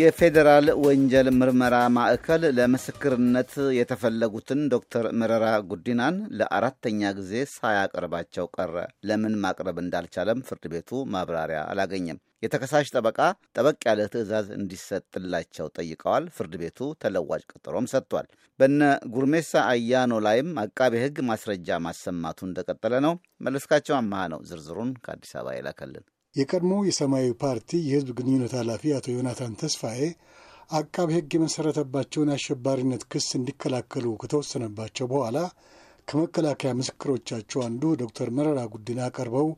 የፌዴራል ወንጀል ምርመራ ማዕከል ለምስክርነት የተፈለጉትን ዶክተር መረራ ጉዲናን ለአራተኛ ጊዜ ሳያቀርባቸው ቀረ። ለምን ማቅረብ እንዳልቻለም ፍርድ ቤቱ ማብራሪያ አላገኘም። የተከሳሽ ጠበቃ ጠበቅ ያለ ትዕዛዝ እንዲሰጥላቸው ጠይቀዋል። ፍርድ ቤቱ ተለዋጭ ቀጠሮም ሰጥቷል። በነ ጉርሜሳ አያኖ ላይም አቃቤ ሕግ ማስረጃ ማሰማቱ እንደቀጠለ ነው። መለስካቸው አመሃ ነው ዝርዝሩን ከአዲስ አበባ ይላከልን። የቀድሞ የሰማያዊ ፓርቲ የህዝብ ግንኙነት ኃላፊ አቶ ዮናታን ተስፋዬ አቃቤ ሕግ የመሰረተባቸውን አሸባሪነት ክስ እንዲከላከሉ ከተወሰነባቸው በኋላ ከመከላከያ ምስክሮቻቸው አንዱ ዶክተር መረራ ጉዲና ቀርበው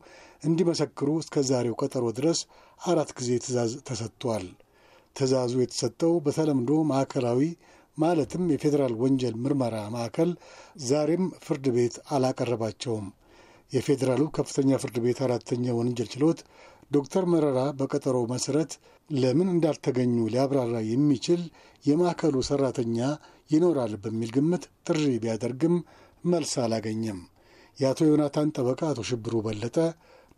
እንዲመሰክሩ እስከ ዛሬው ቀጠሮ ድረስ አራት ጊዜ ትዕዛዝ ተሰጥቷል። ትዕዛዙ የተሰጠው በተለምዶ ማዕከላዊ ማለትም የፌዴራል ወንጀል ምርመራ ማዕከል ዛሬም ፍርድ ቤት አላቀረባቸውም። የፌዴራሉ ከፍተኛ ፍርድ ቤት አራተኛ ወንጀል ችሎት ዶክተር መረራ በቀጠሮ መሰረት ለምን እንዳልተገኙ ሊያብራራ የሚችል የማዕከሉ ሰራተኛ ይኖራል በሚል ግምት ጥሪ ቢያደርግም መልስ አላገኘም። የአቶ ዮናታን ጠበቃ አቶ ሽብሩ በለጠ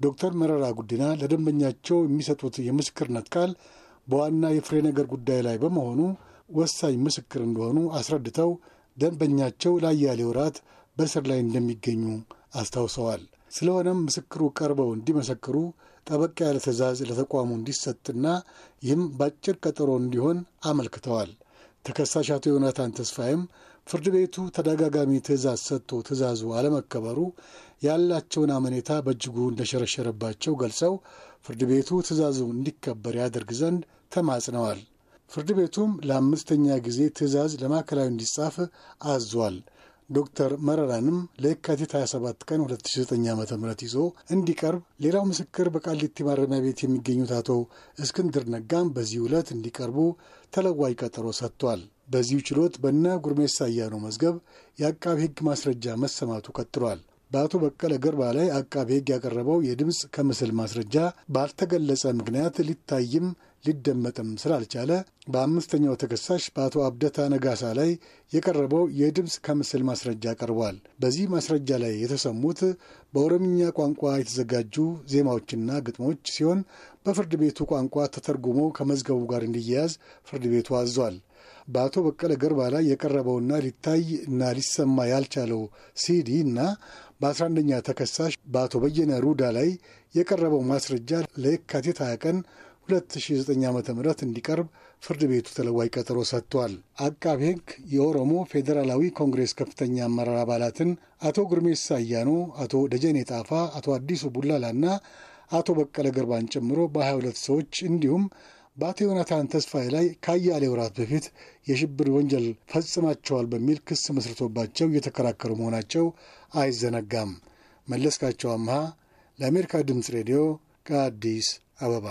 ዶክተር መረራ ጉዲና ለደንበኛቸው የሚሰጡት የምስክርነት ቃል በዋና የፍሬ ነገር ጉዳይ ላይ በመሆኑ ወሳኝ ምስክር እንደሆኑ አስረድተው ደንበኛቸው ለአያሌ ወራት በእስር ላይ እንደሚገኙ አስታውሰዋል። ስለሆነም ምስክሩ ቀርበው እንዲመሰክሩ ጠበቅ ያለ ትዕዛዝ ለተቋሙ እንዲሰጥና ይህም በአጭር ቀጠሮ እንዲሆን አመልክተዋል። ተከሳሽ አቶ ዮናታን ተስፋዬም ፍርድ ቤቱ ተደጋጋሚ ትዕዛዝ ሰጥቶ ትዕዛዙ አለመከበሩ ያላቸውን አመኔታ በእጅጉ እንደሸረሸረባቸው ገልጸው ፍርድ ቤቱ ትዕዛዙ እንዲከበር ያደርግ ዘንድ ተማጽነዋል። ፍርድ ቤቱም ለአምስተኛ ጊዜ ትዕዛዝ ለማዕከላዊ እንዲጻፍ አዟል። ዶክተር መረራንም ለየካቲት 27 ቀን 2009 ዓ ም ይዞ እንዲቀርብ፣ ሌላው ምስክር በቃሊቲ ማረሚያ ቤት የሚገኙት አቶ እስክንድር ነጋም በዚህ ዕለት እንዲቀርቡ ተለዋጭ ቀጠሮ ሰጥቷል። በዚሁ ችሎት በነ ጉርሜሳ አያኖ መዝገብ የአቃቤ ሕግ ማስረጃ መሰማቱ ቀጥሏል። በአቶ በቀለ ገርባ ላይ አቃቤ ሕግ ያቀረበው የድምፅ ከምስል ማስረጃ ባልተገለጸ ምክንያት ሊታይም ሊደመጥም ስላልቻለ በአምስተኛው ተከሳሽ በአቶ አብደታ ነጋሳ ላይ የቀረበው የድምፅ ከምስል ማስረጃ ቀርቧል። በዚህ ማስረጃ ላይ የተሰሙት በኦሮምኛ ቋንቋ የተዘጋጁ ዜማዎችና ግጥሞች ሲሆን በፍርድ ቤቱ ቋንቋ ተተርጉሞ ከመዝገቡ ጋር እንዲያያዝ ፍርድ ቤቱ አዟል። በአቶ በቀለ ገርባ ላይ የቀረበውና ሊታይ እና ሊሰማ ያልቻለው ሲዲ እና በ11ኛ ተከሳሽ በአቶ በየነ ሩዳ ላይ የቀረበው ማስረጃ ለየካቲት 20 ቀን 2009 ዓ ም እንዲቀርብ ፍርድ ቤቱ ተለዋጭ ቀጠሮ ሰጥቷል። አቃቤ ሕግ የኦሮሞ ፌዴራላዊ ኮንግሬስ ከፍተኛ አመራር አባላትን አቶ ጉርሜሳ አያኖ፣ አቶ ደጀኔ ጣፋ፣ አቶ አዲሱ ቡላላ እና አቶ በቀለ ገርባን ጨምሮ በ22 ሰዎች እንዲሁም በአቶ ዮናታን ተስፋዬ ላይ ከአያሌ ወራት በፊት የሽብር ወንጀል ፈጽማቸዋል በሚል ክስ መስርቶባቸው እየተከራከሩ መሆናቸው አይዘነጋም። መለስካቸው አምሃ ለአሜሪካ ድምፅ ሬዲዮ ከአዲስ አበባ